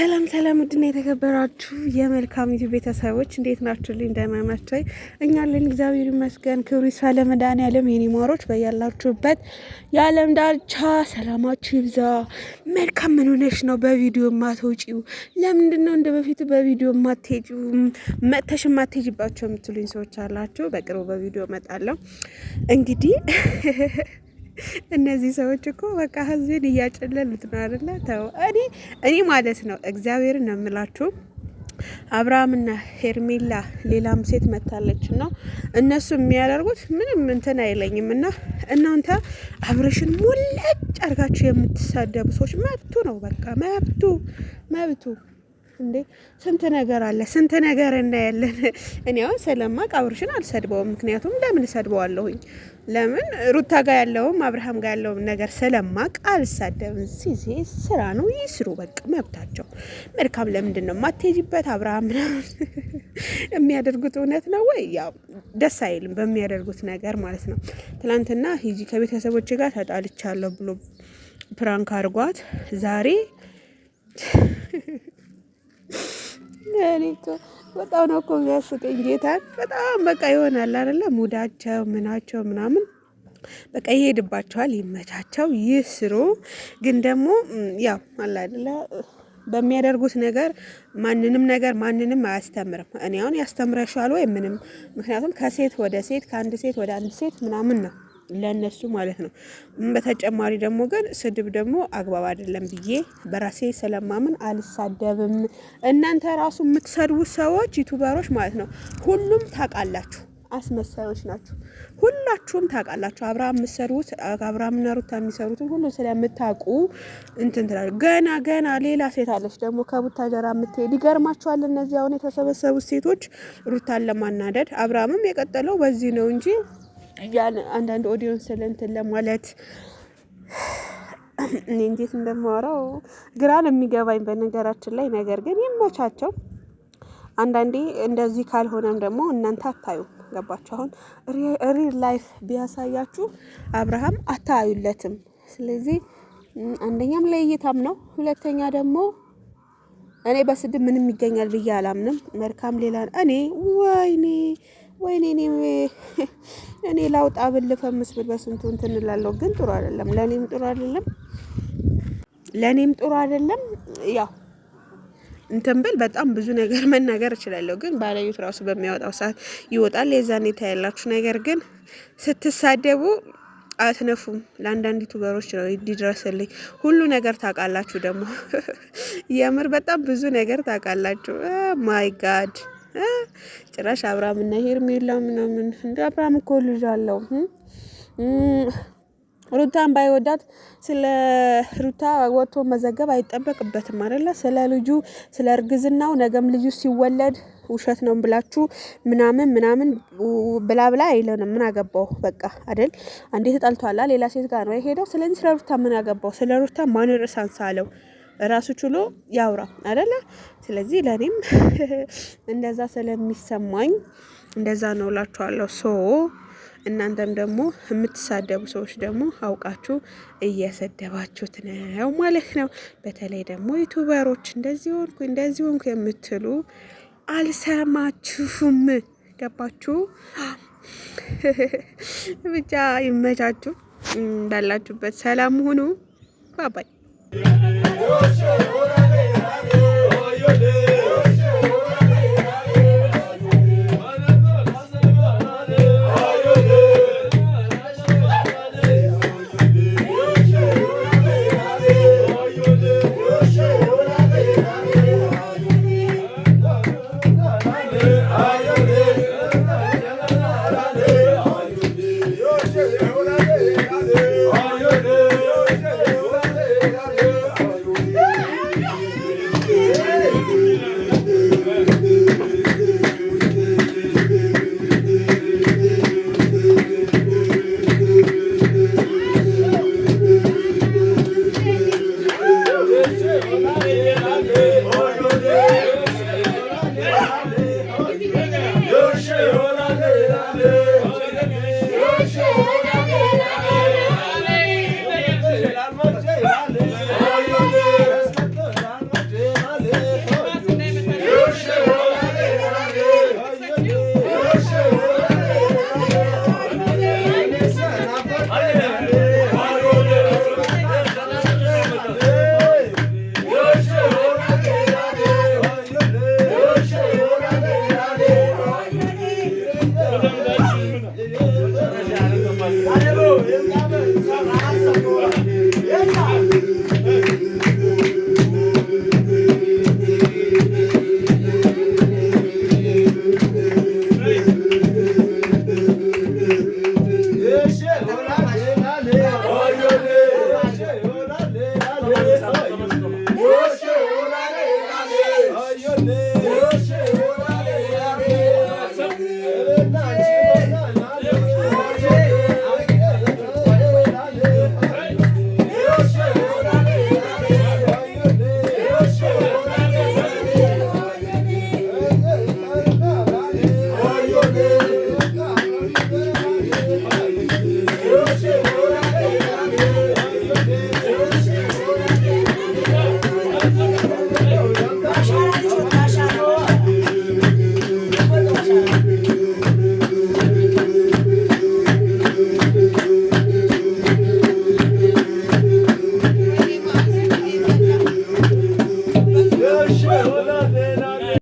ሰላም ሰላም፣ ውድና የተከበራችሁ የመልካም ዩቲዩብ ቤተሰቦች እንዴት ናችሁ? ልኝ እንደማመቻይ እኛ ለን እግዚአብሔር ይመስገን። ክብሩ ይስፋ ለመድኃኔዓለም። ያለም የኒማሮች በያላችሁበት የዓለም ዳርቻ ሰላማችሁ ይብዛ። መልካም ምን ሆነሽ ነው በቪዲዮ ማትወጪው? ለምንድን ነው እንደ በፊቱ በቪዲዮ ማትሄጂው? መጥተሽ ማትሄጂባቸው የምትሉኝ ሰዎች አላችሁ። በቅርቡ በቪዲዮ እመጣለሁ እንግዲህ እነዚህ ሰዎች እኮ በቃ ህዝብን እያጨለሉት ነው አይደለ? ተው እኔ እኔ ማለት ነው እግዚአብሔርን ነው የምላችሁ አብርሃምና ሄርሜላ ሌላም ሴት መታለች እና እነሱ የሚያደርጉት ምንም እንትን አይለኝም። እና እናንተ አብርሽን ሙለጭ አርጋችሁ የምትሳደቡ ሰዎች መብቱ ነው፣ በቃ መብቱ መብቱ እንዴ ስንት ነገር አለ፣ ስንት ነገር እናያለን። እኔ አሁን ስለማቅ አብርሽን አልሰድበውም። ምክንያቱም ለምን እሰድበዋለሁኝ? ለምን ሩታ ጋር ያለውም አብርሃም ጋር ያለውም ነገር ስለማቅ አልሳደብም። ሲዜ ስራ ነው ይስሩ፣ በቃ መብታቸው። መልካም ለምንድን ነው የማትሄጂበት? አብርሃም የሚያደርጉት እውነት ነው ወይ? ያው ደስ አይልም በሚያደርጉት ነገር ማለት ነው። ትላንትና ሂጂ ከቤተሰቦች ጋር ተጣልቻለሁ ብሎ ፕራንክ አድርጓት ዛሬ እኔ እኮ በጣም ነው እኮ የሚያስቀኝ ጌታን በጣም በቃ ይሆናል አይደለ ሙዳቸው ምናቸው ምናምን በቃ ይሄድባቸዋል። ይመቻቸው፣ ይስሩ። ግን ደግሞ ያው አለ አይደለ በሚያደርጉት ነገር ማንንም ነገር ማንንም አያስተምርም። እኔ አሁን ያስተምረሻል ወይ ምንም? ምክንያቱም ከሴት ወደ ሴት ከአንድ ሴት ወደ አንድ ሴት ምናምን ነው ለነሱ ማለት ነው። በተጨማሪ ደግሞ ግን ስድብ ደግሞ አግባብ አይደለም ብዬ በራሴ ስለማምን አልሳደብም። እናንተ ራሱ የምትሰድቡ ሰዎች ዩቱበሮች ማለት ነው፣ ሁሉም ታውቃላችሁ አስመሳዮች ናችሁ። ሁላችሁም ታውቃላችሁ። አብርሃም የምትሰሩት አብርሃምና ሩታ የሚሰሩትን ሁሉ ስለምታውቁ እንትን ትላለች። ገና ገና ሌላ ሴት አለች ደግሞ ከቡታጀራ የምትሄድ ይገርማችኋል። እነዚህ አሁን የተሰበሰቡት ሴቶች ሩታን ለማናደድ አብርሃምም የቀጠለው በዚህ ነው እንጂ አንዳንድ ኦዲዮን ስለ ለማለት እኔ እንዴት እንደማወራው ግራ ነው የሚገባኝ በነገራችን ላይ። ነገር ግን ይመቻቸው። አንዳንዴ እንደዚህ ካልሆነም ደግሞ እናንተ አታዩም። ገባችሁ? አሁን ሪል ላይፍ ቢያሳያችሁ አብርሃም አታዩለትም። ስለዚህ አንደኛም ለእይታም ነው፣ ሁለተኛ ደግሞ እኔ በስድብ ምንም ይገኛል ብዬ አላምንም። መልካም ሌላ እኔ ወይኔ ወይኔ እኔ ላውጣ ብል ፈምስ ብል በስንቱ እንትን እላለሁ። ግን ጥሩ አይደለም፣ ለእኔም ጥሩ አይደለም፣ ለእኔም ጥሩ አይደለም። ያው እንትን ብል በጣም ብዙ ነገር መናገር እችላለሁ። ግን ባለቤት ራሱ በሚያወጣው ሰዓት ይወጣል። የዛኔ ታያላችሁ። ነገር ግን ስትሳደቡ አትነፉም። ለአንዳንድ ዩቱበሮች ነው እንዲድረስልኝ ሁሉ ነገር ታውቃላችሁ። ደግሞ የምር በጣም ብዙ ነገር ታውቃላችሁ። ማይ ጋድ ጭራሽ አብርሃም እና ሄርሜላ ምናምን እንደ አብርሃም እኮ ልጅ አለው። ሩታን ባይወዳት ስለ ሩታ ወጥቶ መዘገብ አይጠበቅበትም አይደለ? ስለ ልጁ ስለ እርግዝናው ነገም ልጁ ሲወለድ ውሸት ነው ብላችሁ ምናምን ምናምን ብላ ብላ አይለንም። ምን አገባው በቃ አይደል? አንዴ ተጣልቷላ ሌላ ሴት ጋር ነው የሄደው። ስለዚህ ስለ ሩታ ምን አገባው? ስለ ሩታ ማን ርዕስ አንሳለው? ራሱ ችሎ ያውራ አይደለ? ስለዚህ ለእኔም እንደዛ ስለሚሰማኝ እንደዛ ነው ላችኋለሁ። ሶ እናንተም ደግሞ የምትሳደቡ ሰዎች ደግሞ አውቃችሁ እየሰደባችሁት ነው ማለት ነው። በተለይ ደግሞ ዩቱበሮች እንደዚህ ሆንኩ እንደዚህ ሆንኩ የምትሉ አልሰማችሁም። ገባችሁ? ብቻ ይመቻችሁ። እንዳላችሁበት ሰላም ሁኑ። ባባይ